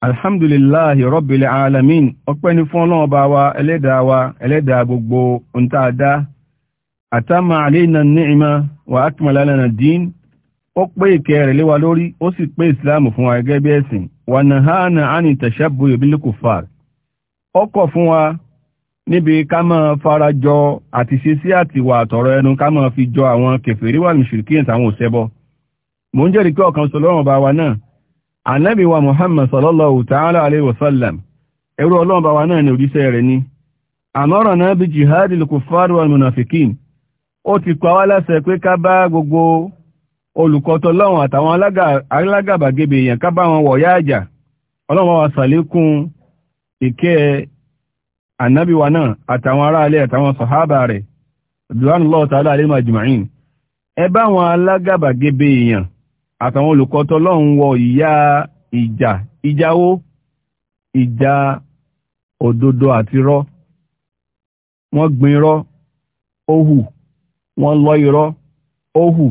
alhamdulillahi rabbil alamin ọpẹ́ ni fún ọlọ́run bá wa ẹlẹ́dàá wa ẹlẹ́dàá gbogbo ntaada àtàmà àléèna ni'ima wà akmala lana dín ó pé ìkẹ́ rẹ̀ léwa lórí ó sì pé ìsìláàmù fún wa gẹ́gẹ́ bí ẹ̀sìn wà nahana àni tashabbuh bil kufar ó kọ̀ fún wa níbi ká máa Ànábì wa Muhammad sallallahu ta'ala alaihi wasallam, ẹrú ọlọ́run bá wa náà ni rẹ̀ ni. Àmọ́ràn náà bí jihadil kuffar wal munafikin. Ó ti pa wá kwe pé ká bá gbogbo olùkọ́tọ̀ lọ́wọ́n àtàwọn alágàbàgebè èèyàn ká bá wọn wọ̀ Ọlọ́run wa sàlékún àtàwọn olùkọ́ tọ́lọ́run wọ ìyá ìjà ìjáwó ìjà òdodo àti rọ́ wọ́n gbin irọ́ ó hù wọ́n lọ irọ́ ó hù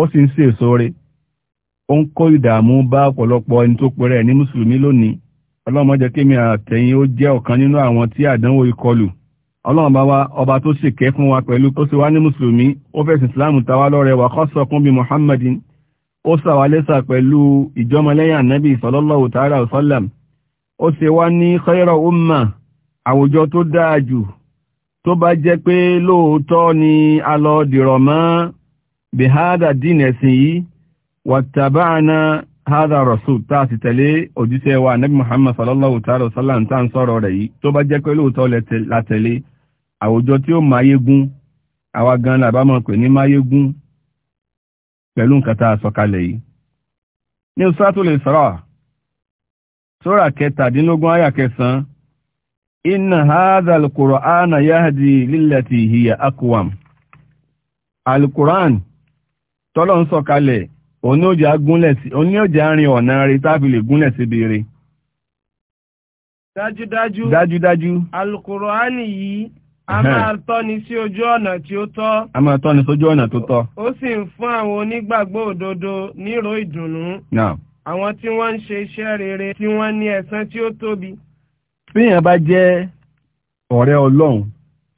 ó sì ń ṣe èso rẹ̀ ó ń kó ìdààmú bá ọ̀pọ̀lọpọ̀ ẹni tó pẹ̀rẹ̀ ní mùsùlùmí lónìí ọlọ́run jẹ́ kí mi àtẹ̀yìn ó jẹ́ ọ̀kan nínú àwọn tí àdánwò ìkọlù ọlọ́run bá wa ọba tó ṣèkẹ́ fún wa pẹ̀lú tó ṣe wá ní mùsùlùmí ó fẹ̀sìn islam tawá lọ́rẹ̀ wà kọ́sọ̀kún bíi muhammadin ó sàwálẹ́sà pẹ̀lú ìjọmọlẹ́yìn ànábì sallallahu ta'ala wa sallam ó ṣe wá ní khayra umma àwùjọ tó dáa jù tó bá jẹ́ pé lóòótọ́ ni a lọ dìrọ̀ mọ́ bihada dín ẹ̀sìn yìí wàtàbáàna hada rasul tá a sì tẹ̀lé òjíṣẹ́ wa ànábì muhammad sallallahu ta'ala wa sallam pẹ̀lú nǹkan tá a sọ kalẹ̀ yìí ní Suratul sọ́rọ̀, sọ́rọ̀ kẹtàdínlógún ayà kẹsàn-án ha hadha al-Qur'ana yahdi lillati hiya aqwam al-Qur'an tọ́lọ́ ń sọ kalẹ̀ gúnlẹ̀ sí dájúdájú yìí a máa tọ́ni sí ojú ọ̀nà tí ó tọ́. a máa tọ́ni sójú ọ̀nà tó tọ́. ó sì ń fún àwọn onígbàgbọ́ òdodo nírò ìdùnnú. àwọn tí wọ́n ń ṣe iṣẹ́ rere tí wọ́n ní ẹ̀san tí ó tóbi. bíyàn bá jẹ́ ọ̀rẹ́ ọlọ́run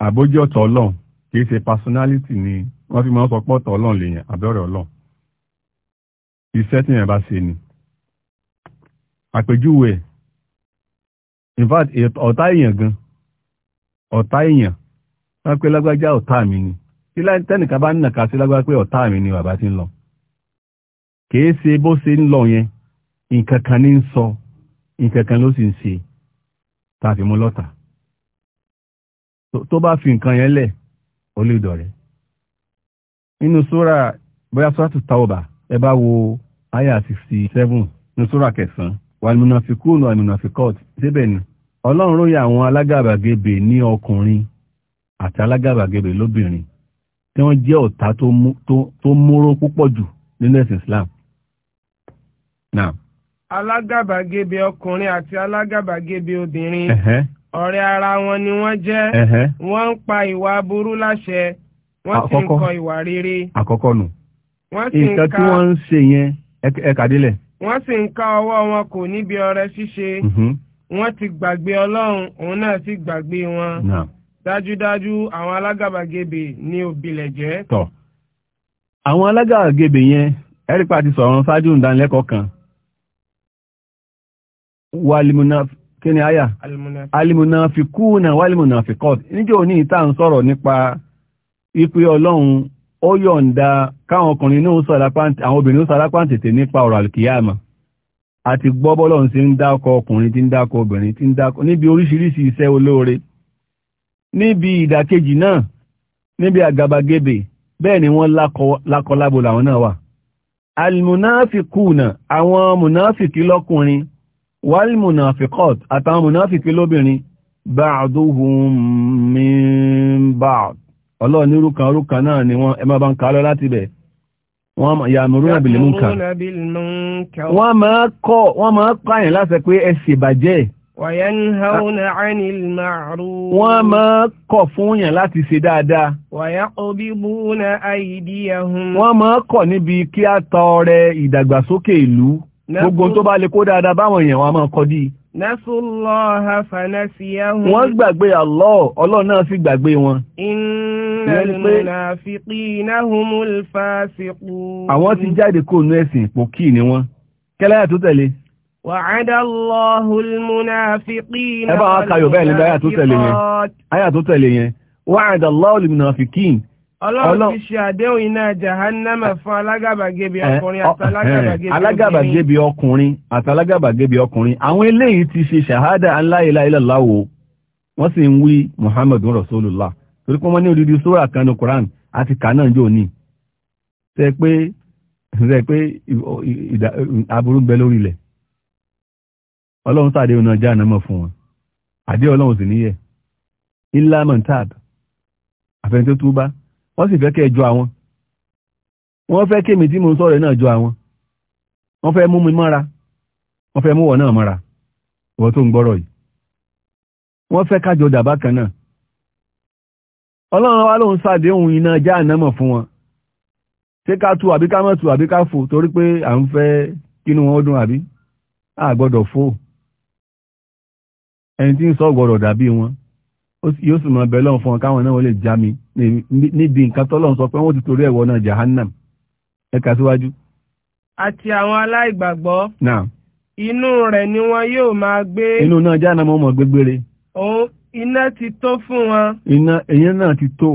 àbójọ́ ọ̀tọ̀ ọlọ́run kì í ṣe personality ni wọ́n fi máa ń sọ pọ̀ ọ̀tọ̀ ọlọ́run lèèyàn àbẹ́rẹ́ ọlọ́run. iṣẹ́ tí yẹn bá ṣe ni. àpèjúwe in fact ọ̀tá èèyàn gan-an ọ̀tá èèyàn wọ́n pé lágbájá ọ̀tá mi ni tí tẹ́nìkan bá nìkà sí lágbájá pé ọ̀tá mi ni bàbá ti ń lọ kìí ṣe bó ṣe ń lọ yẹn nǹkan kan ní ń sọ nǹkan kan ló sì ń ṣe tàbí mú lọ́tà tó bá fi nǹkan yẹn lẹ̀ ó lè dọ̀rẹ́ nínú sóra bóyá sóra tó ta ọba ẹ bá wo aya sixty seven nínú sóra kẹsàn-án wàlúmọ̀nàfikún wàlúmọ̀nàfikọ́t síbẹ̀ ni ọlọ́run ròyìn àwọn alágàbàgebè ní ọkùnrin àti alágàbàgebè lóbìnrin tí wọ́n jẹ́ ọ̀tá tó múró púpọ̀ jù nínú ẹ̀sìn Islam. Now. alágàbàgebè ọkùnrin àti alágàbàgebè obìnrin ọ̀rẹ́ ara wọn ni wọ́n jẹ́ wọ́n ń pa ìwà aburú láṣẹ wọ́n sì ń kọ ìwà rere. àkọ́kọ́ nù nǹkan tí wọ́n ń ṣe yẹn ẹ̀kadílẹ̀. wọ́n sì ń ká ọwọ́ wọn kò níbi ọrẹ ṣíṣe. Mm-hmm wọ́n ti gbàgbé ọlọ́run òun náà sì gbàgbé wọn dájúdájú àwọn alágàbàgebè ni òbílẹ̀ jẹ́. tọ́ àwọn alágàbàgebè yẹn ẹ́rípa ti sọ̀rọ̀ ṣáájú ìdánilẹ́kọ̀ọ́ kan wàlìmùnà kí ni àyà alìmùnà fi kú náà wàlìmùnà fi kọ́ níjọ́ òní ìta ń sọ̀rọ̀ nípa ipe ọlọ́run ó yọ̀ǹda káwọn ọkùnrin ní ó sọ àwọn obìnrin ó sọ alápá tètè àti gbọ́ bọ́lọ́run sí ń dákọ ọkùnrin tí ń dákọ obìnrin tí ń dákọ níbi oríṣiríṣi iṣẹ́ olóore níbi ìdàkejì náà níbi àgàbàgebè bẹ́ẹ̀ ni wọ́n lákọlábo làwọn náà wà almunafikuna àwọn munafiki lọ́kùnrin walmunafikot àtàwọn munafiki lóbìnrin ba'duhum min ba'd ọlọ́ọ̀nirúkan orúkan náà ni wọ́n ẹ má bá ń kà á lọ láti bẹ̀ẹ́ wọ́n ya mọ̀rúnà bìlì múnkà wọ́n máa kọ́ wọ́n máa pààyàn láti pé ẹsì ìbàjẹ́ wọ́n máa kọ̀ fún yàn láti ṣe dáadáa wọ́n máa kọ̀ níbi kí a tọrẹ ìdàgbàsókè ìlú gbogbo tó bá lè kó dáadáa báwọn èèyàn wọ́n máa kọ́ dí Nasullaha fanasiyahum. Wọ́n gbàgbé Allah, Ọlọ́run náà sì gbàgbé wọn. Innal munafiqina humul fasiqun. Àwọn ti jáde kó nú ẹ̀sìn pòkì ni wọ́n. Kẹ́lẹ́yà tó tẹ̀lé. Wa'ada Allahul munafiqina. Ẹ bá wa kayọ̀ bẹ́ẹ̀ ọlọ́run ti ṣe àdéhùn iná jahannama fún alágàbàgebè ọkùnrin àtàlágàbàgebè obìnrin alágàbàgebè ọkùnrin àtàlágàbàgebè ọkùnrin àwọn eléyìí ti ṣe ṣàhádà la ilaha illallah wọ́n sì ń wí muhammadu rasulullah torí pé wọ́n ní odidi sóra kan ní quran àti kanáà jò ní ṣe pé ṣe pé aburú gbẹ lórí ilẹ̀ ọlọ́run sàdéhùn náà jahannama fún wọn àdéhùn ọlọ́run sì níyẹ̀ illa man tab àfẹ́ntẹ́ wọ́n sì fẹ́ kẹ́ jọ àwọn wọ́n fẹ́ kémi tí mo ń sọ̀rọ̀ náà jọ àwọn wọ́n fẹ́ mú mi mọ́ra wọ́n fẹ́ mú wọ̀ náà mọ́ra wọ́n tó ń gbọ́rọ̀ yìí wọ́n fẹ́ kájọ dàbá kan náà ọlọ́run wa ló ń ṣàdéhùn iná jáànámọ̀ fún wọn ṣé ká tu àbí ká mọ̀ tu àbí ká fò torí pé à ń fẹ́ kínú wọn ó dùn àbí a gbọ́dọ̀ fò ẹni tí ń sọ gbọ́dọ̀ dàbí wọn yóò sì máa bẹ̀lọ́n fún ọ̀ká àwọn náà wọ́n lè já mi níbi nǹkan tọ́lọ́n sọ pé wọ́n ti torí ẹ̀wọ̀ náà jahannam ẹ̀ka síwájú. àti àwọn aláìgbàgbọ́. náà. inú rẹ̀ ni wọn yóò máa gbé. inú náà jahannam ọmọ gbégbére. òun iná ti tó fún wọn. iná èyí náà ti tó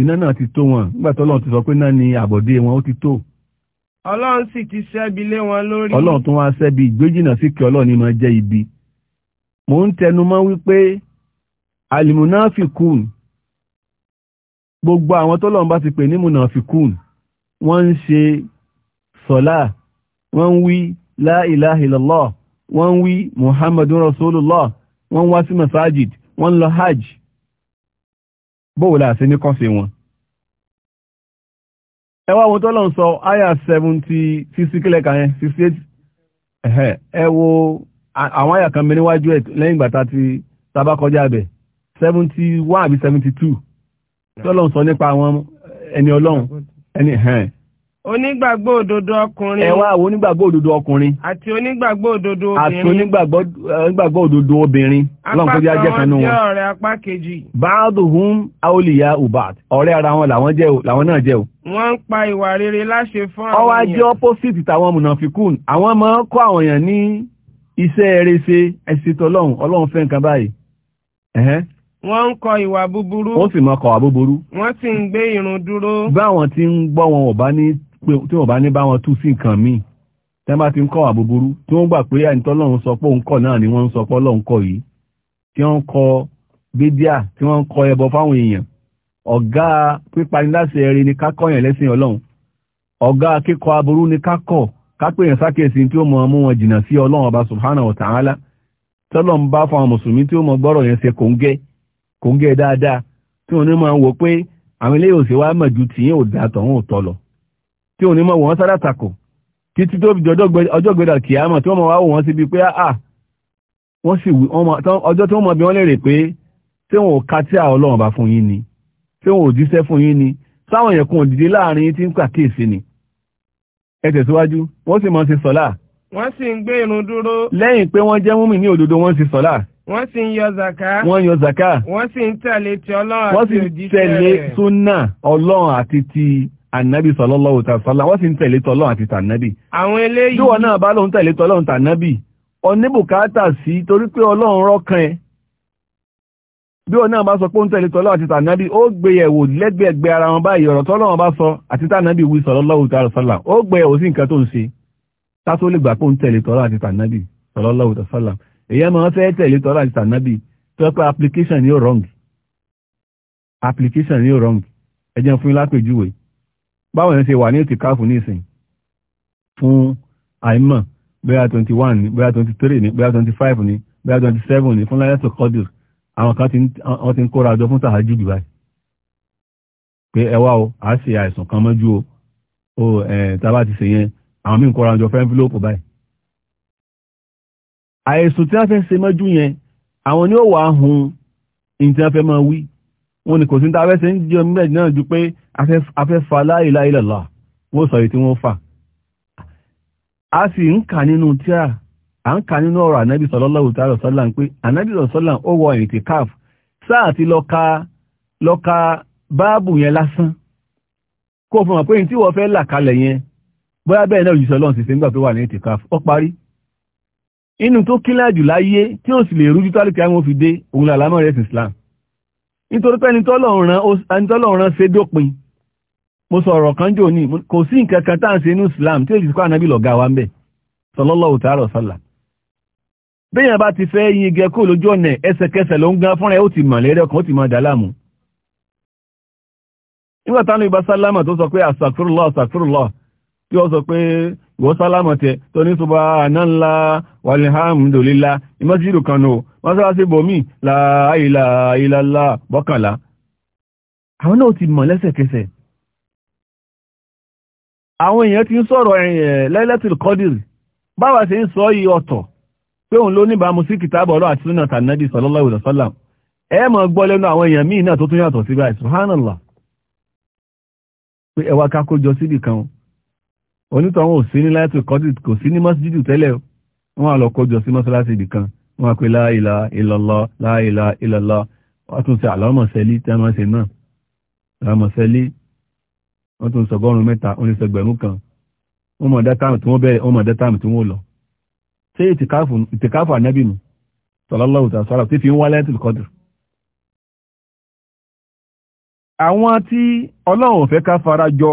iná náà ti tó wọn nígbà tọ́lọ́n ti sọ pé náà ni àbọ̀dé wọn ó ti tó. ọlọ́run sì ti ṣẹ́bi lé wọn lórí. ọlọ́run tún wá ṣẹ́bi ìgbéjìnà sí kí ọlọ́run jẹ́ ibi. alimunafikun gbogbo àwọn tọ́lọ́run bá ti pè ní munafikun wọ́n ń ṣe sọ́lá wọ́n ń wí la ilaha illallah wọ́n wí muhammadun rasulullah wọ́n wá sí masajid wọ́n lọ hajj bóòlá àti ní kọ́sí wọn ẹwà wọn tọ́lọ̀ ń sọ àyà 70 sí kílẹ̀ kan yẹn 68 ẹ̀hẹ́ ẹ wo àwọn àyà kan mẹ́ níwájú ẹ̀ lẹ́yìn ìgbà ti sábà kọjá seventy one àbí seventy two tọ́lọ́run sọ nípa àwọn ẹni ọlọ́run ẹni hàn. onígbàgbọ́ òdodo ọkùnrin. ẹ wá àwọn onígbàgbọ́ òdodo ọkùnrin. àti onígbàgbọ́ òdodo obìnrin. àti eh, onígbàgbọ́ òdodo obìnrin. ọlọ́run kó jẹ́ ajẹ́ kan nù wọn. apá kan jẹ́ ọ̀rẹ́ apá kejì. ba'duhum awliya'u ba'd ọ̀rẹ́ ara wọn làwọn jẹ́ o làwọn náà jẹ́ o. wọ́n ń pa ìwà rere láṣẹ fún àwọn èèyàn. ọwọ́ ajé opposite tàwọn mùnàfíkùn àwọn máa ń kọ́ àwọn èèyàn ní Wọ́n ń kọ ìwà búburú. Wọ́n sì máa kọ ìwà Wọ́n sì ń gbé irun dúró. Báwọn tí ń gbọ́ wọn ò bá ní tí wọ́n bá wọn tú sí nǹkan míì. Tẹ́ bá ti ń kọ ìwà tí wọ́n gbà pé àìntọ́lọ́run sọ pé òun kọ̀ náà ni wọ́n ń sọ pé Ọlọ́run kọ̀ yìí. Tí wọ́n kọ bídíà tí wọ́n kọ ẹbọ fáwọn èèyàn. Ọ̀gá pípaniláṣẹ eré ni kò ń gẹ́ dáadáa tí òun ní máa ń wò pé àwọn ilé òsèwà mọ̀jú tí yín ò dá tọ̀hún ò tọ̀ lọ tí òun ní máa wọ́n sára takò títí tó fi ọjọ́ gbẹdà kìámọ̀ tí wọ́n máa wá wọ́n síbi pé àà ah, ah. wọ́n sì wí ọjọ́ tí wọ́n máa bi wọ́n lérè pé tí wọn ò ka tí àwọn ọlọ́run bá fún yín ni tí wọn ò jíṣẹ́ fún yín ni sáwọn èèyàn kan òdìdí láàrin yín tí ń pàkíyèsí ni ẹ tẹ̀síwájú wọ́n sì máa ń ṣe sọ́lá. wọ́n sì ń gbé irun dúró. lẹ́yìn pé wọ́n jẹ́ múmi ní òdodo wọ́n ṣe sọ́lá wọ́n sì ń yọ zaka. wọ́n yọ zaka. wọ́n sì ń tẹ̀lé ti ọlọ́run àti òjíṣẹ́ rẹ̀. wọ́n sì ń tẹ̀lé súnà ọlọ́run àti ti ànábì sallallahu ta sọ́lá wọ́n sì ń tẹ̀lé tọ́lọ́run àti tànábì. àwọn eléyìí. bí wọn náà bá lóun tẹ̀lé tọ́lọ́run tànábì oníbùkátà sí torí pé ọlọ́run rọ́kàn ẹ̀. bí wọn náà bá sọ pé ó ń tẹ̀lé tọ́lọ́run àti tànábì ó gbé yẹ̀wò lẹ́gbẹ̀ẹ́gbẹ́ ara wọn báyìí ọ̀rọ̀ tọ́lọ́run bá sọ àti tànábì wí sallallahu ta sọ́lá ó gbé yẹ̀wò sí nǹkan tó ń ṣe tá tó lè gbà pé ó ń tẹ̀lé tọ́lọ́run àti tànábì sallallahu ta sọ́lá èyàn máa fẹ́ tẹ̀lé tọ́lá àti tànábì tó pé application ni ó wrong application ni ó wrong ẹ jẹ́ fún lápèjúwe báwọn èèyàn ṣe wà ní ìtìkáàfù nísìn fún àìmọ̀ bóyá twenty one ni bóyá twenty three ni bóyá twenty five ni bóyá twenty seven ni fún láyàtọ̀ kọ́dìr àwọn kan ti ń kóra àjọ fún tàhájú dubai pé ẹwà o a ṣe àìsàn kan mọ́jú o tàbá ti ṣe yẹn àwọn míì ń kóra àjọ fẹ́ envelope báyìí àìsùn tí wọ́n fẹ́ ṣe mọ́jú yẹn àwọn ni ó wà hun ní tí wọ́n fẹ́ máa wí wọn ni kò sí ní tàbí ṣe ń jẹ́ mẹ́jì náà ju pé afẹ́ fa la ilaha illallah wọ́n sọ èyí tí wọ́n fà a sì ń kà nínú tíra à ń kà nínú ọ̀rọ̀ ànábì sallallahu ta'ala sọ́lá pé ànábì sọ́lá ó wọ ìtìkáf sáà ti lọ ka lọ ka báàbù yẹn lásán kó fún wa pé ní tí wọ́n fẹ́ là kalẹ̀ yẹn bóyá bẹ́ẹ̀ náà òjíṣẹ́ ọlọ́run sì ṣe ń gbà pé wà ní ìtìkáf ó parí inú tó kílẹ̀ jù láyé tí ó sì lè rújú tálùkì àwọn òfin òun làlámọ̀ rẹ̀ Islam nítorí pé ẹni tọ́lọ́run rán ṣe dópin mo sọ̀rọ̀ kan jò ní kò sí nǹkan kan tá inú Islam tí èjì kọ́ ànábì lọ̀gá wa ń bẹ̀ ta'ala sallam béèyàn bá ti fẹ́ yin igẹ kó lójú ọ̀nà ẹsẹ̀kẹsẹ̀ ló ń gan fúnra ẹ̀ ó ti mọ̀ lẹ́rẹ̀ kan ó ti wọ́n sálámọ̀ tẹ tó ní ṣubá anáńlá wàlìhámdòlélá ìmọ́sílù kan náà wọ́n sára sí bòmí láàílà ìlàlá bọ́kànlá àwọn náà ti mọ̀ lẹ́sẹ̀kẹsẹ̀ àwọn èèyàn ti ń sọ̀rọ̀ eh, lẹ́lẹ́tìl kọ́dìr báwa ṣe ń sọ yìí ọ̀tọ̀ pé òun ló níbàámu sí kìtàbọ̀ ọ̀rọ̀ àti súnà tànàbí sallallahu alaihi wasallam ẹ mọ̀ gbọ́ lẹ́nu àwọn èèyàn míì náà tó tún yàtọ̀ subhanallah pé ẹwà kakójọ síbì onítọ̀hún ò sí ní láìtò kọ́dí kò sí ní mọ́síjìdì tẹ́lẹ̀ wọ́n á lọ kójọ sí mọ́sálásí ibì kan wọ́n á pé la ilaha illallah la ilaha illallah wọ́n tún ṣe àlọ́mọ̀sẹ́lí tí wọ́n ṣe náà àlọ́mọ̀sẹ́lí wọ́n tún sọgọ́rùn mẹ́ta ó ní sọgbẹ̀rún kan wọ́n mọ̀ dátáàmù tí wọ́n bẹ̀rẹ̀ wọ́n mọ̀ dátáàmù tí wọ́n lọ ṣé ìtìkáfù ànábì nù sallallahu ta'ala sọ́lá àwọn tí ọlọ́run fẹ́ ká fara jọ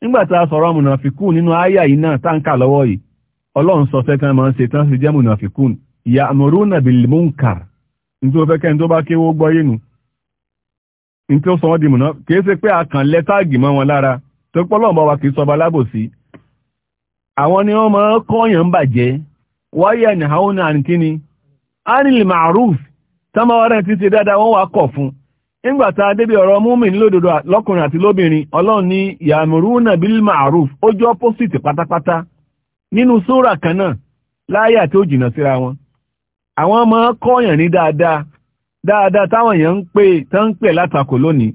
nígbàtí a sọ̀rọ̀ mùnàfikún nínú àyà yìí náà táǹkà lọ́wọ́ yìí ọlọ́run sọ fẹ́kàn máa ń ṣe tán sí jẹ́ mùnàfikún ìyá àmọ̀rúnà bil munkar nítorí ó tó bá kéwó gbọ́ yìí nítorí sọ wọ́n di pé a kàn lẹ wọn lára nígbàtà débi ọ̀rọ̀ mumin nílòdòdó lọ́kùnrin àti lóbìnrin ọlọ́run ní yàmùrúnà bíl ma'ruf ojú ọ́pọ́sìtì pátápátá nínú kan náà láyà wọn àwọn ọmọ kọ́ọ̀yàn ní dáadáa dáadáa táwọn èèyàn ń pè tán ń pè látakò lónìí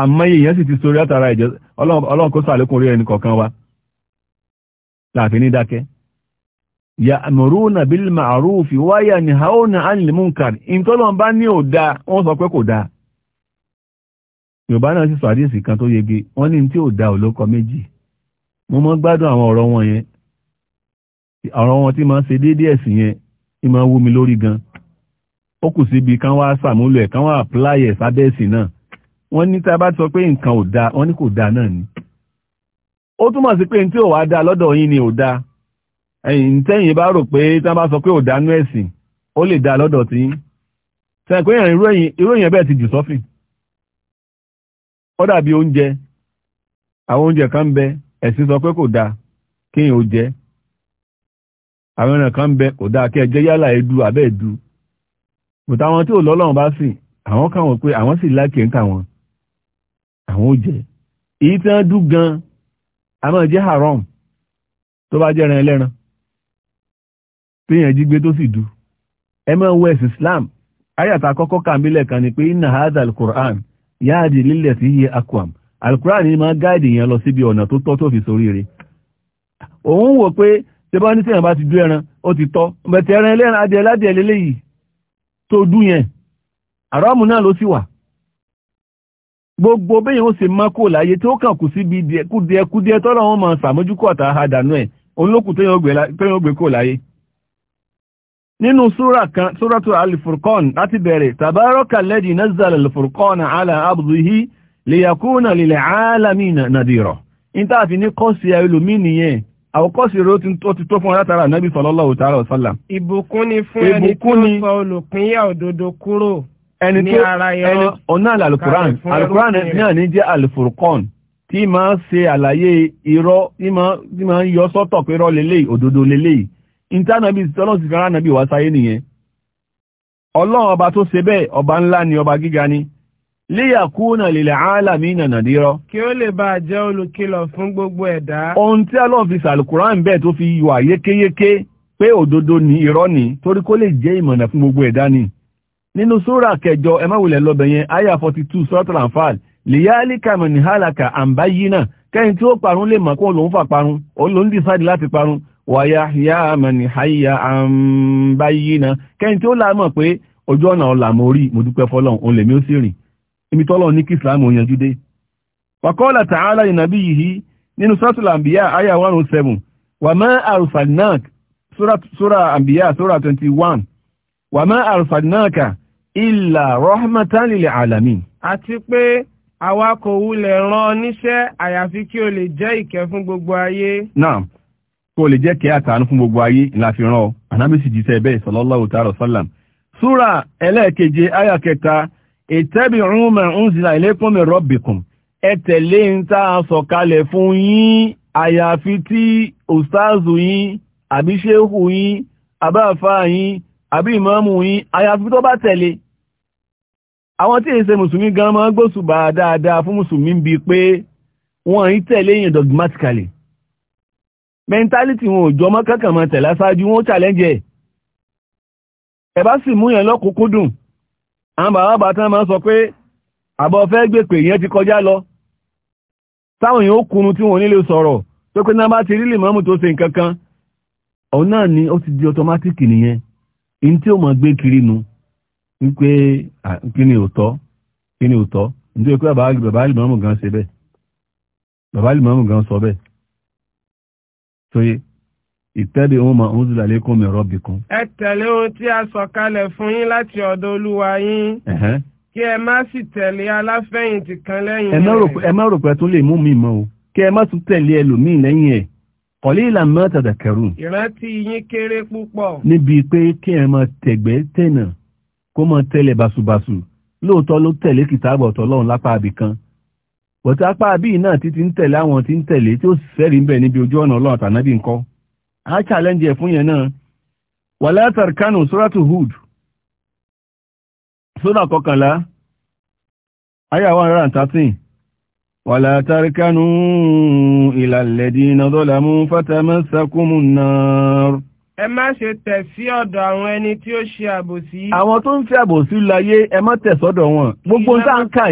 àmọ́ èèyàn sì ti látara ìjọ ọlọ́run kó sàlékún orí wa ní dákẹ́ wáyà bá ní sọ pé kò dáa yorùbá náà sì sọ àdíyèsí kan tó yege wọ́n ní tí ò da òlókọ méjì mo mọ́ gbádùn àwọn ọ̀rọ̀ wọn yẹn ọ̀rọ̀ wọn tí máa ń ṣe déédéé ẹ̀sìn yẹn tí máa ń wú mi lórí gan ó kù síbi kán wá sàmúlò ẹ̀ kán wá apply ẹ̀ sábẹ́ ẹ̀sìn náà wọ́n ní tá a bá sọ pé nǹkan ò da wọ́n ní kò da náà ni ó túmọ̀ sí pé tí ò wá da lọ́dọ̀ yín ni ò da ẹ̀yìn tẹ́yìn bá rò pé tá a bá sọ pé ò da nú ẹ̀sìn ó lè da lọ́dọ̀ tí yín sẹ́yìn pé ìròyìn bẹ́ẹ̀ ti jù sọ́fìn ó dàbí oúnjẹ àwọn oúnjẹ kan bẹ ẹ̀sìn sọ pé kò dáa kéèyàn ó jẹ àwọn ẹran kan bẹ kò dáa kí ẹ yálà edu abẹ́ edu bùtà àwọn tí ò lọ́lọ́run bá sìn àwọn káwọn pé àwọn sì láìkè ń káwọn àwọn ò jẹ èyí tí wọ́n dùn gan a máa jẹ́ haram tó bá jẹ́ran ẹlẹ́ran téèyàn jí gbé tó sì dù ẹ máa wọ ẹ̀sìn Islam ayàtà kọ́kọ́ kàmílẹ̀ kan ni pé Iná hadha al-Qur'an yáàdì lílẹ̀ sí iye akwam alukuran ni máa gáàdì yẹn lọ síbi ọ̀nà tó tọ́ tó fi sórí rẹ̀ òun wò pé tí bá ní sẹ́yìn bá ti dú ẹran ó ti tọ́ bẹ̀tẹ̀ ẹran ẹlẹ́ran adìẹ ládìẹ lélẹ́yìí tó dú yẹn àrọ́mù náà ló sì wà gbogbo bẹ́yìn ó sì mọ́ kó láyé tí ó kàn kù síbi tọ́lọ́ wọn máa ẹ̀ olókùn tó yẹn ó gbé nínú súra kan súratu alifurkan láti bẹ̀rẹ̀ tàbárọ́kà lẹ́dì nazzala alifurkan ala abduhi liyakuna lil alamina nadira in ta fi ní kọ́sí ẹlòmí nìyẹn àwọ̀kọ́sí ró ti tó fún látara nabi sallallahu ta'ala wa sallam ìbùkún ni fún ẹni tó sọ olùpínyà òdodo kúrò ní ara yọ ọ̀nà alukuran alukuran náà ní jẹ́ ìntánàbí tọ́lọ́sì kan ránàbí wá sáyé nìyẹn ọlọ́run ọba tó ṣe bẹ́ẹ̀ ọba ńlá ni ọba gíga ni léyàkúnà lèlẹ̀ áálàmì nànàdírọ́ kí ó lè bá jẹ́ olùkìlọ̀ fún gbogbo ẹ̀dá ohun tí ọlọ́run fi sàlùkùrán bẹ́ẹ̀ tó fi yọ àyékéyéké pé òdodo ní irọ́ ni torí kó lè jẹ́ ìmọ̀nà fún gbogbo ẹ̀dá ni nínú sóra kẹjọ ẹ má wulẹ̀ lọ́bẹ̀ yẹn aya 42 suratul anfal lìyálíkà mọ̀nìhálàkà àǹbáyínà kẹ́yìn tí ó parun lè mọ̀ kó lòun fà parun òun lòun dìsáàdì láti parun wàyáhíyá mẹ́ni àyíyá àmbáyíná kẹ́yìn tí ó láàmọ̀ pé ojú ọ̀nà ọ̀là mo rí mo dúpẹ́ fọ́lọ́run òun lèmi ó sì rìn ibi tọ́lọ̀ ní kí islam ò yanjú dé wàkọ́ọ̀lá tààlà ìnàbí yìí nínú suratul oh sura àmbíyá sura 21 wà mẹ́ àrùsàdínáàkà ìlà rọ́hámátán lílẹ̀ àlàmì. àti pé àwa kò wulẹ̀ rán níṣẹ́ àyàfi kí o lè jẹ́ ìkẹ́ fún gbogbo ayé. naam kó lè jẹ́ kẹ́ àtàánú fún gbogbo ayé ńlá fi rán ọ ànábì sì jíṣẹ́ bẹ́ẹ̀ sallallahu ta'ala sallam súrà ẹlẹ́ẹ̀keje àyà kẹta ittabi'u ma unzila ilaykum min rabbikum ẹ tẹ̀lé ń tá a sọ kalẹ̀ fún yín àyàfi tí ustazu yín àbí yín àbáfà yín àbí ìmáàmù yín àyàfi tó bá tẹ̀lé àwọn tí èsè mùsùlùmí gan máa gbóṣùbà dáadáa fún mùsùlùmí bíi pé wọ́n ń tẹ̀lé yín dogmatically mentality wọn ò jọmọ́ kankan mọ́ tẹ̀lá ṣáájú wọn ó challenge ẹ̀ ẹ bá sì mú yẹn dùn àwọn bàbá bàtán máa ń sọ pé àbọ̀ fẹ́ gbèpè yẹn ti kọjá lọ táwọn èèyàn ó kunu tí wọn ò nílé sọ̀rọ̀ tó pé náà bá ti tó ṣe nǹkan kan náà kiri nu wípé kí ni òótọ́ kí ni òótọ́ nítorí pé bàbá gan ṣe sóyé ìtẹ́lẹ̀ ohun ma ń zùlà lékún mi rọ́bì kan. ẹ tẹ̀lé ohun tí a sọ̀kalẹ̀ fún yín láti ọ̀dọ̀ olúwa yín kí ẹ má sì tẹ̀lé aláfẹ̀yìntì kan lẹ́yìn rẹ̀. ẹ má rò pé tún lè mú mi mọ́ o kí ẹ má tún tẹ̀lé ẹlòmíì lẹ́yìn ẹ̀ kọ̀lé ìlànà tàdàkẹ̀rù. ìrántí yín kéré púpọ̀. níbi pé kí ẹ máa tẹ̀gbẹ́ tẹ̀nà kó máa tẹ̀lé basubasu lóòótọ́ ló tẹ̀lé kìtàbọ̀ bọ̀tí apá bíi náà ti ti ń tẹ̀lé àwọn tí ń tẹ̀lé tí ó sẹ́rìí ń bẹ̀ níbi ojú ọ̀nà ọlọ́run tànábì ńkọ́ a challenge ẹ̀ fún yẹn náà wala tarkanu suratu Hud sura kọkànlá aya 113 wala tarkanu ila alladina zalamu fatamassakumun nar ẹ má ṣe tẹ̀ sí ọ̀dọ̀ àwọn ẹni tí ó ṣe àbòsí àwọn tó ń fi àbòsí láyé ẹ má tẹ̀ sọ́dọ̀ wọn gbogbo ń tá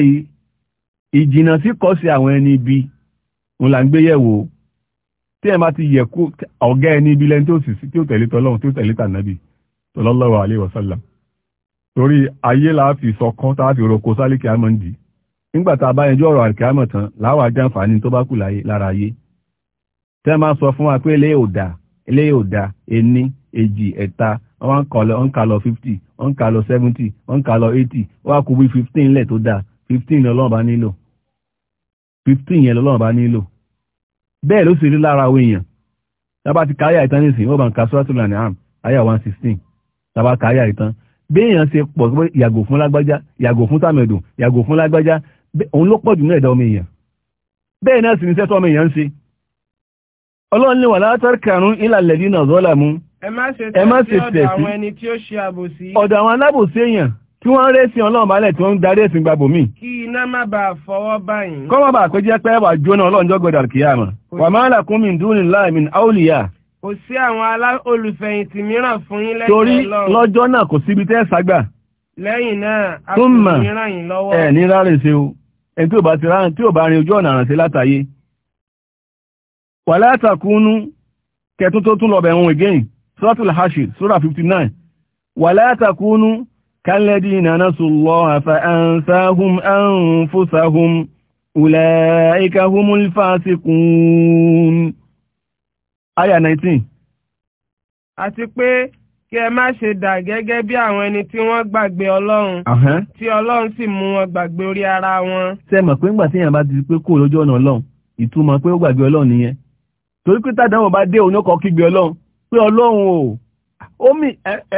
ìjìnà sí kọ́ sí àwọn ẹni ibi òun là ń gbé yẹ̀wò tí ẹ̀ bá ti yẹ̀ kó ọ̀gá ẹni ibi lẹ́ni tó sì sí tí ó tẹ̀lé tọlọ́run tí ó tẹ̀lé tànàbì sallallahu alaihi wasallam torí ayé la fi sọkán tá a fi roko sálíkì àmọ́ǹdì nígbà tá a bá yanjú ọ̀rọ̀ àríkì àmọ̀ tán láwọ̀ ajá àǹfààní tó bá kù lára ayé tí wọ́n máa sọ fún wa pé eléyìí ò dáa eléyìí ò dáa ení èjì ẹ̀ta wọ́n ń kà lọ fifty wọ́n ń kà lọ seventy wọ́n ń kà lọ eighty wọ́n á kú bí fifteen lẹ̀ tó dáa fifteen lọ́lọ́run bá fifteen yẹn lọ́lọ́run bá nílò bẹ́ẹ̀ ló sì rí lára àwọn èèyàn tábà ti káyà ìtàn nísìnyí wọ́n bá ń ka suratul an'am àyà one sixteen tábà káyà ìtàn béèyàn ṣe pọ̀ pé yàgò fún lágbájá yàgò fún tàmẹ̀dùn yàgò fún lágbájá òun ló pọ̀ jù náà ẹ̀dá ọmọ èèyàn bẹ́ẹ̀ náà sì ní sẹ́tọ́ ila alladhina zalamu ẹ má ṣe tẹ̀sí ọ̀dọ̀ àwọn ẹni tí ó ṣe àbòsí tí wọ́n ń si ọlọ́run balẹ̀ tí wọ́n ń darí ẹ̀sìn gbàgbò kí iná má bàa fọwọ́ báyìí. kọ́ pé jẹ́ pé wà jóná ọlọ́run jọ́ gbọ́dọ̀ kíyàmá. wa ma lakum min dunillahi min kò sí àwọn olùfẹ̀yìntì mìíràn fún yín lẹ́yìn torí lọ́jọ́ náà kò síbi tẹ́ sàgbà. lẹ́yìn náà a كالذين نسوا الله فأنساهم أنفسهم أولئك هم الفاسقون Aya 19 Àti pé kí ẹ má ṣe dà gẹ́gẹ́ bí àwọn ẹni tí wọ́n gbàgbé ọlọ́run tí ọlọ́run sì mú wọn gbàgbé orí ara wọn. Ṣé mọ̀ pé ńgbà tí èèyàn bá ti pé kúrò lójú ọ̀nà ọlọ́run ìtumọ̀ pé ó gbàgbé ọlọ́run nìyẹn torí pé tàdánwò bá dé òun ó kígbe ọlọ́run pé ọlọ́run o omi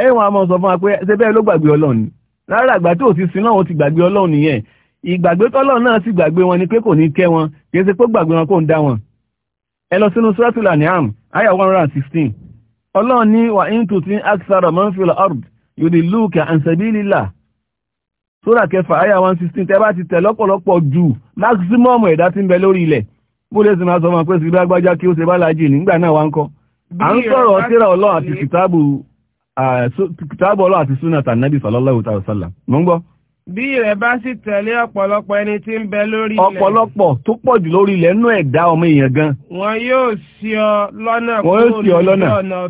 ẹ̀wọ̀n àmọ́ sọ fún wa pé ṣe bẹ́ẹ̀ ló gbàgbé ọlọ́run ni rárá àgbà tí ò ti sin náà ó ti gbàgbé ọlọ́run nìyẹn ìgbàgbé tọ́lọ́run náà ti gbàgbé wọn ni pé kò ní kẹ́ wọn kì í ṣe pé gbàgbé wọn kò ń dá wọn ẹ lọ sínú suratul An'am aya 116 ọlọ́run ní wà ń tù tí akthara man fil ard yudilluka an kẹfà aya 116 tẹ́ bá ti tẹ̀ lọ́pọ̀lọpọ̀ ju maximum ẹ̀dá tí ń bẹ lórí ilẹ̀ bó lè sì máa sọ fún wa pé sì bá gbájá kí ó ṣe bá lájì nígbà náà wá ń kọ́ à ń sọ̀rọ̀ síra ọlọ́run àti kìtàbù Ah, kìtàbọ̀ ọlọ́ àti súnà tà nábì sallallahu ta'ala sallam mọ́ ń gbọ́. bí rẹ̀ bá sì tẹ̀lé ọ̀pọ̀lọpọ̀ ẹni tí ń bẹ lórí ilẹ̀. ọ̀pọ̀lọpọ̀ tó pọ̀ jù lórí ilẹ̀ nú ẹ̀dá ọmọ èèyàn gan. wọn yóò ṣì ọ lọ́nà kúrò lójú ọ̀nà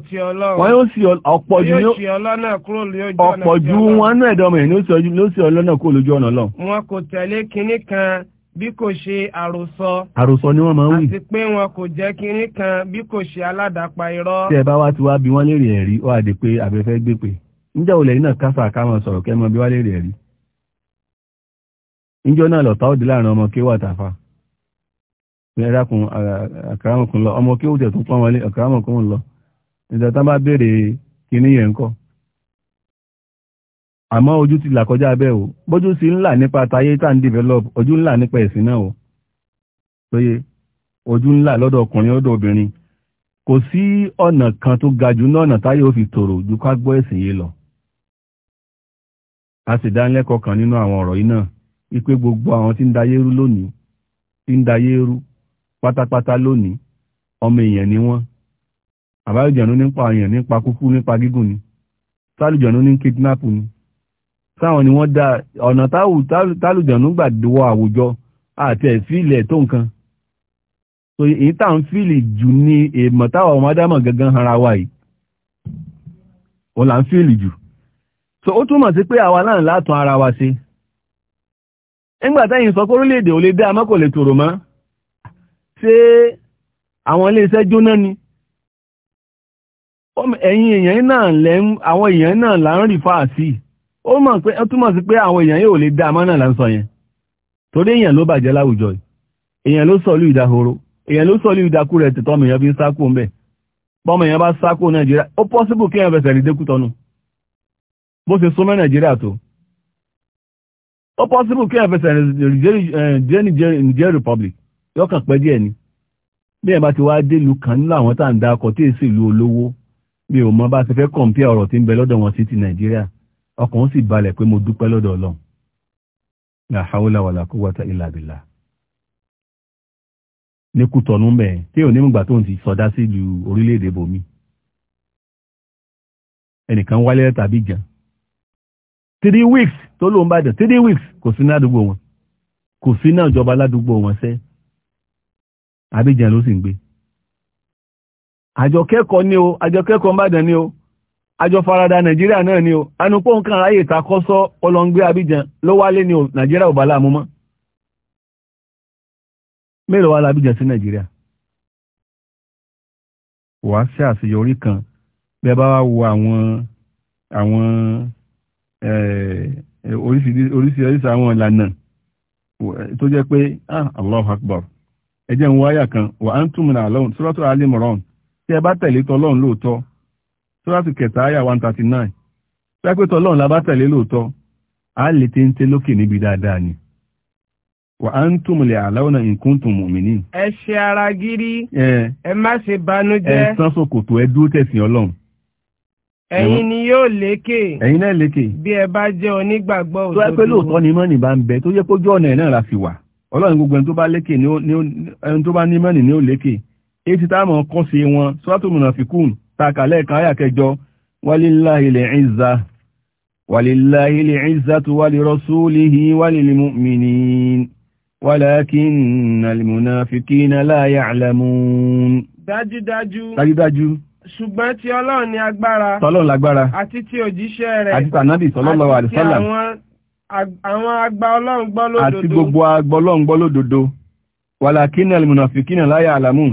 ti ọlọ́run. wọn yóò ṣì ọ̀pọ̀ jù wọn nú ẹ̀dá ọmọ bí kò ṣe àròsọ. àròsọ ni wọn máa ń wù. àti pé wọn kò jẹ́ kinní kan bí kò ṣe aládàpá irọ́. tí ẹ bá wá ti wá bí wọ́n léèrè ẹ̀rí ó àdè pé abẹ́fẹ́ gbé pè níjẹ́ olè yìí náà káfà ká sọ̀rọ̀ kẹ́ mọ bí wọ́n ẹ̀rí. níjọ́ náà láàrin ọmọ kéwà tàfà. lọ ọmọ kéwà tẹ̀ tún pọ́n wọlé lọ. àmọ́ ojú ti là kọjá bẹ́ẹ̀ o bójú sí ńlá nípa tayé tá ń develop ojú ńlá nípa ẹ̀sìn náà o tóye ojú ńlá lọ́dọ̀ ọkùnrin lọ́dọ̀ obìnrin kò sí ọ̀nà kan tó ga jù náà ọ̀nà táyé ó fi tòrò ju ká gbọ́ ẹ̀sìn yìí lọ a sì dánilẹ́kọ̀ọ́ kan nínú àwọn ọ̀rọ̀ yìí náà wípé gbogbo àwọn tí ń dayé rú lónìí tí ń dayé rú pátápátá lónìí ọmọ èèyàn ni wọ́n àbáyọ̀jọ̀nú nípa èèyàn nípa kúkú nípa gígùn ni sálùjọ̀nú ní kidnap ni sáwọn ni wọ́n dá ọ̀nà tálùjọ̀nù gbà wọ àwùjọ àti ẹ̀fíìlẹ̀ tó nǹkan so èyí tá ń fíìlì jù ní èèmọ̀ táwọn ọmọ adámọ̀ gangan ara wa yìí òun là ń fíìlì jù so ó túmọ̀ sí pé àwa náà látún ara wa ṣe nígbà tẹ́yìn sọ pé orílẹ̀-èdè ò lè dá amọ́ kò lè tòrò mọ́ ṣé àwọn iléeṣẹ́ jóná ni ẹ̀yin èèyàn náà lẹ́ àwọn èèyàn náà là ń rìfáà sí ó mọ̀ pé ó túmọ̀ sí pé àwọn èèyàn yóò lè dá amánà láńsọ yẹn torí èèyàn ló bàjẹ́ láwùjọ yìí èèyàn ló sọ̀lú ìdahoro èèyàn ló sọ̀lú ìdakú rẹ̀ mi èèyàn ń sákò ń bẹ̀ bọ́mọ èèyàn bá sákò nàìjíríà ó pọ́síbù kí èèyàn fẹsẹ̀ rí dékútọ́nù bó ṣe súnmọ́ nàìjíríà tó ó pọ́síbù kí èèyàn fẹsẹ̀ rí eh, Niger Republic yọkàn pẹ́ díẹ̀ ni bí èèyàn bá ti wá délùú kan àwọn tá ọkàn sì balẹ̀ pé mo dúpẹ́ lọ́dọ̀ ọlọ́run la haula wala quwwata illa billah ní kùtọ̀nù mẹ́ tí ò ní mùgbà tó ń ti sọdá sí ju orílẹ̀-èdè bòmí ẹnìkan wálé tàbí gan three weeks tó lóun bá dẹ̀ three weeks kò sí náà àdúgbò wọn kò sí náà ìjọba aládùúgbò wọn sẹ́ Abidjan ló sì ń gbé àjọ kẹ́kọ̀ọ́ ni o àjọ kẹ́kọ̀ọ́ ń bàdàn ni o àjọ farada nàìjíríà náà ni o anupọ nǹkan ráyè takọ́sọ́ ọlọ́ngbé abidjan ló wálé ní nàìjíríà ò bá láàmú mọ́ mélòó wá lábíjà sí nàìjíríà wàá sí àṣeyọrí kan bẹ bá wá wo àwọn àwọn oríṣiríṣi àwọn sóràtù kẹta àyà one thirty nine sápẹ́tọ̀ ọlọ́run la bá tẹ̀lé lóòótọ́ a lè téńté lókè níbi dáadáa ni wà á ń túnmùlẹ̀ àláwọ̀nà ìkúntùn mùmìnì. ẹ ṣe ara gírí ẹ má ṣe banújẹ́ ẹ sán ṣòkòtò ẹ dúró tẹ̀sìn ọlọ́run. ẹ̀yin ni yóò lékè ẹ̀yin náà lékè bí ẹ bá jẹ́ onígbàgbọ́ òdodo. tó pé lóòótọ́ ni mọ́nì bá ń bẹ tó yẹ kójú ọ̀nà ẹ̀ náà la fi wà ọlọ́run gbogbo ẹni tó bá lékè ẹni tó bá ní mọ́nì ni ó lékè èyí ti táwọn kọ́ sí wọn sọ́tò takalẹ̀ kan àyà kẹjọ walillahil izza walillahil izzatu wa lirasulihi wa lil mu'minin walakinnal munafiqina la ya'lamun dájúdájú dájúdájú ṣùgbọ́n ti ọlọ́run ni agbára tọ́lọ́run lágbára àti ti òjíṣẹ́ rẹ̀ àti tànábì sallallahu alaihi wasallam àwọn agba gbọ́ lódodo àti gbogbo agba ọlọ́run gbọ́ lódodo wàlàkínà al-munafiqina la àwọn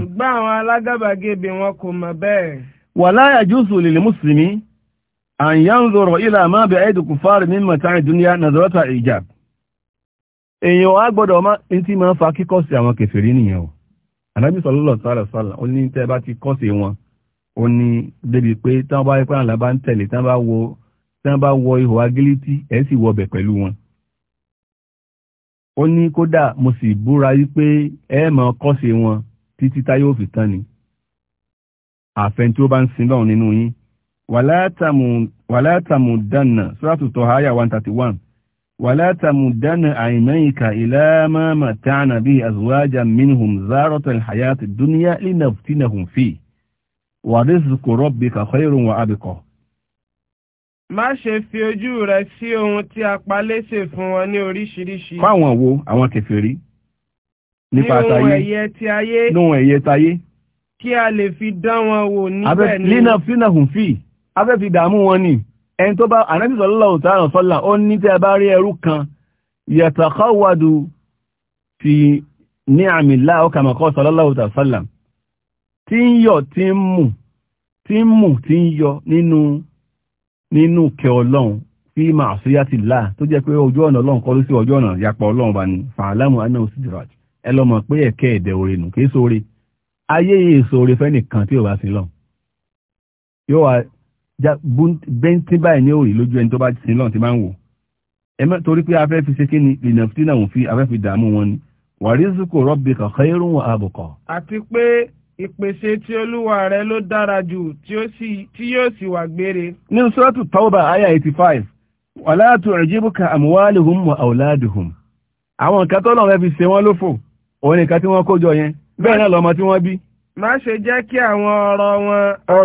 alágàbàgebè wọn kò mọ̀ bẹ́ẹ̀ wala yajuzu lil muslimi an yanzuru ila ma bi'id kufar min mata'i dunya nazarata ijab èèyàn wá gbọ́dọ̀ ọmọ tí máa ń fa kíkọ́ sí àwọn kèfèrí nìyẹn o anábì sallallahu alaihi wasallam ó ní tẹ́ bá ti kọ́ sí wọn ó ní débi pé tí wọ́n bá rí pẹ́ràn lábá ń tẹ̀lé tí wọ́n bá wọ ihò agilítí àfẹn tí ó bá ń sin lọ́run nínú yín wàlátàmù dánà sọ́ràtù tọ́ háyà 131 wàlátàmù dánà àìmẹ́yìnkà ìlàmàmà tánà bí àzúwájà minhum zárọ̀tàn hayati dúníyà línàftinahum fi wà rizqu rabbika khairun wa abqa má ṣe fi ojú rẹ sí ohun tí a pa léṣe fún wọn ní oríṣiríṣi fáwọn wo àwọn kèfèrí nípa àtayé lóhun ẹ̀yẹ tayé kí a lè fi dán wọn wò níbẹ̀ ni. lina fina hùn fi afẹ́ fi dààmú wọn ni ẹni tó bá ànábì sallallahu ta'ala sọ́là ó ní tẹ́ bá rí ẹrú kan yatakhawadu fi ni'amillahi ó kama qala sallallahu ta'ala sọ́là tí ń yọ̀ tí ń mù tí ń mù tí ń yọ nínú tó jẹ́ pé ojú ọ̀nà ọlọ́run kọ́ sí ojú ọ̀nà yapa ọlọ́run bá ní fa'lamu annahu sidraj ẹ lọ mọ̀ pé ẹ̀kẹ́ ẹ̀dẹ̀ orin nù kìí ayé èso orí fẹ́nìkan tí ò bá sin lọ́n yóò wá bẹ́ntí báyìí ní òrì lójú ẹni tó bá sin lọ́n ti máa ń wò ẹmẹ́ torí pé afẹ́ fi ṣe kí ni ìnàfitínà òun fi afẹ́ fi dààmú wọn ni wàrísùkò rọ́bì kọ̀ọ̀kan irun wọn àbùkọ̀. àti pé ìpèsè tí olúwa rẹ ló dára jù tí yóò sì wà gbére. ní sọ́ọ̀tù tọ́wọ́bà àyà eighty five wàlá tu'jibuka amwaluhum wa auladuhum àwọn nǹkan tọ́lọ́ rẹ fi ṣe wọ́n lófò òun nìkan tí wọ́n kó jọ yẹn bẹ́ẹ̀ náà lọ́mọ tí wọ́n bí. má ṣe jẹ́ kí àwọn ọ̀rọ̀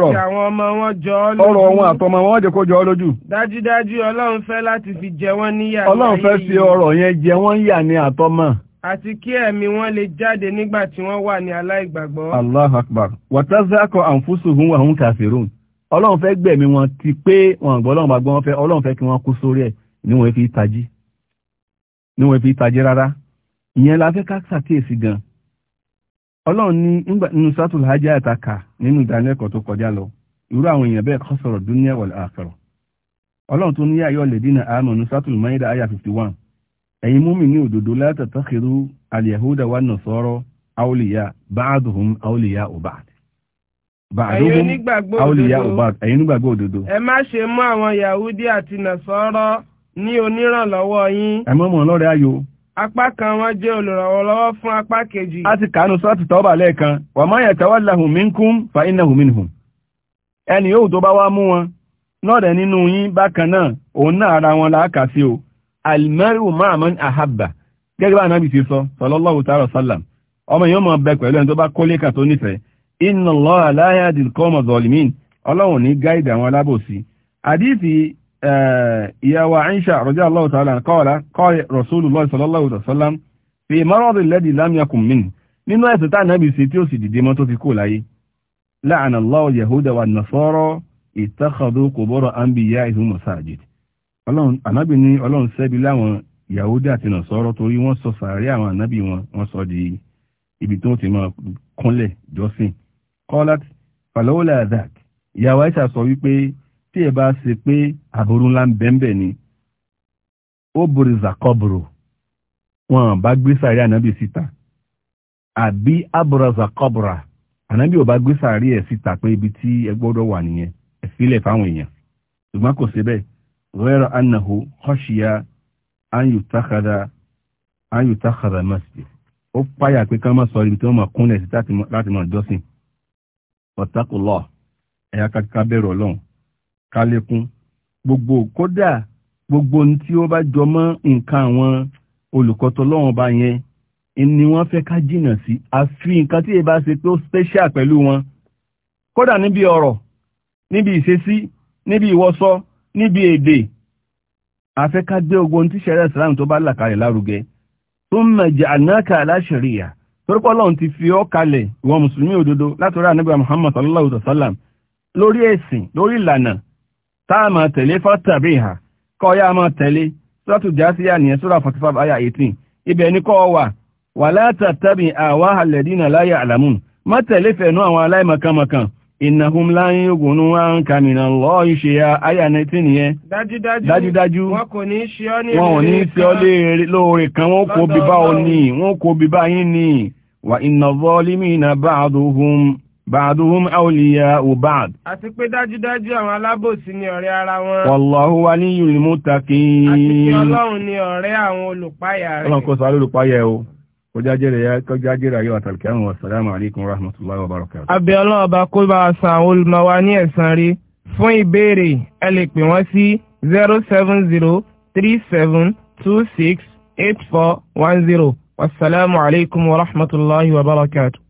wọn àti àwọn ọmọ wọn jọ ọ́ lójú. ọ̀rọ̀ wọn àtọmọ wọn jẹ́ kó jọ ọ́ lójú. dájúdájú ọlọ́run fẹ́ láti fi jẹ wọ́n níyà. ọlọ́run fẹ́ fi ọ̀rọ̀ yẹn jẹ wọ́n yà ní àtọmọ. àti kí ẹ̀mí wọn lè jáde nígbà tí wọ́n wà ní aláìgbàgbọ́. Allah Akbar wàtázàkọ àǹfùsùhùn àwọn kàfírùn ọlọ́run fẹ́ gbẹ̀mí wọn ti pé wọn gbọ́ ni wọ́n fi tají ọlọ́run ní nígbà nínú sátúlù hajj àtàkà nínú ìdánilẹ́kọ̀ọ́ tó kọjá lọ irú àwọn èèyàn bẹ́ẹ̀ kọ́ sọ̀rọ̀ dúníà wal akhirah ọlọ́run tó ní ayọ́ lẹ́dínà àmọ̀ ní sátúlù maida aya 51 ẹ̀yin múmi ní òdòdó la tatakhidu al-yahuda wa nasara awliya ba'duhum awliya ba'd ba'duhum awliya ba'd ẹ̀yin nígbàgbọ́ òdòdó ẹ má ṣe mú àwọn yahudi àti nasara ní onírànlọ́wọ́ yín ẹ mọ́ mọ́ ayò apá kan wọn jẹ́ olùrànlọ́wọ́ fún apá kejì. a ti kàánú sọ́ọ̀tì tọ́ọ̀bà lẹ́ẹ̀kan wà máa yẹ̀tẹ̀ wà láhùn minkum fa innahum minhum. ẹni yóò tó bá wá mú wọn náà rẹ̀ nínú yín bákan náà òun náà ara wọn làákà sí o almaru ma'a man gẹ́gẹ́ bá anábì ti sọ sallallahu ta'ala sallam ọmọ yóò máa bẹ pẹ̀lú ẹni tó bá kólé kan tó nífẹ̀ẹ́ ní àwọn ìyàwó Aisha radiyallahu ta'ala qala qala Rasulullah sallallahu alaihi wasallam fi marad alladhi lam yakun minhu nínú ẹ̀sẹ̀ tá náà bí sí tí ó sì dìde mọ́ tó fi kó láyé la'ana Allahu yahuda wa nasara ittakhadhu qubur anbiya'ihim masajid ọlọ́run ànábì ní ọlọ́run ṣẹ́bi láwọn yahudi àti nasara torí wọ́n sọ sàárè àwọn ànábì wọn wọ́n sọ di ibi tó ti máa kúnlẹ̀ jọ́sìn qalat falawla dhak ìyàwó Aisha sọ wípé tí ẹ bá ṣe pé àbúrú ńlá ń bẹ́ńbẹ́ ni ó borí zakọ́bùrù wọn bá gbé sàárì ànábì síta àbí àbúrò zakọ́bùrà ànábì ò bá gbé sàárì ẹ̀ síta pé ibi tí ẹ gbọ́dọ̀ wà nìyẹn ẹ sílẹ̀ fáwọn èèyàn ṣùgbọ́n kò síbẹ̀ rẹ́rọ anahu kọ́ṣíya anyutakada anyutakada masjid ó páyà pé ká má sọ ibi tí wọ́n máa kúnlẹ̀ sí láti máa jọ́sìn ọ̀tàkùlọ̀ ẹ̀yà ká bẹ̀rù ọlọ́run ká gbogbo kódà gbogbo ohun tí ó bá jọ mọ́ nǹkan àwọn olùkọ́ tọlọ́run bá yẹn ni wọ́n fẹ́ ká jìnà sí àfi nǹkan tí èyí bá ṣe pé special pẹ̀lú wọn kódà níbi ọ̀rọ̀ níbi ìṣesí níbi ìwọṣọ níbi èdè afẹ́ ká gbé ogun tí ṣẹlẹ̀ ìsìláàmù tó bá là kalẹ̀ lárugẹ tó ń mẹ̀jẹ̀ ànáka aláṣẹ̀ríyà torípọ̀ ọlọ́run ti fi ọ́ kalẹ̀ ìwọ mùsùlùmí òdodo látọ̀rọ̀ ànábì Muhammad sallallahu alaihi sallam lórí ẹ̀sìn lórí ìlànà táà máa tẹ̀lé fọ́tàbí ìhà kọ́ yá máa tẹ̀lé sọ́tù jásíyà ní ẹ̀sùrà 45 aya 18 ibẹ̀ ní kọ́ wà wà látàtàbí àwá àlẹ̀dínà láyé àlàmùn má tẹ̀lé fẹ̀nú àwọn aláìmọ̀kànmọ̀kàn ìnàhùn láyín ogun ní wọ́n ń kàmìnà lọ ìṣe aya 19 nìyẹn dájúdájú wọn kò ní í ṣe ọ́ lóore kan wọ́n kò bíbá ọ ní wọ́n kò bíbá yín ní wà ìnàvọ́ límìnà bá àdóhùn Ba'duhum أولياء ba'd. Àti pé dájúdájú àwọn alábòsí ni ọ̀rẹ́ ara wọn. Wallahu waliyyul muttaqin. Àti pé Ọlọ́run ni ọ̀rẹ́ àwọn olùpáyà rẹ̀. Ọlọ́run kó sọ alólùpáyà o. Kó jájẹ́rẹ̀ yá, kó jájẹ́rẹ̀ ayé àtàlùkẹ́ àwọn assalamu alaikum warahmatullahi wabarakatuh. Abẹ́ ọlọ́run ọba kó bá a san ní ẹ̀san rí. Fún ìbéèrè, ẹ wọ́n sí 07037268410. Wassalamu alaikum warahmatullahi wabarakatuh.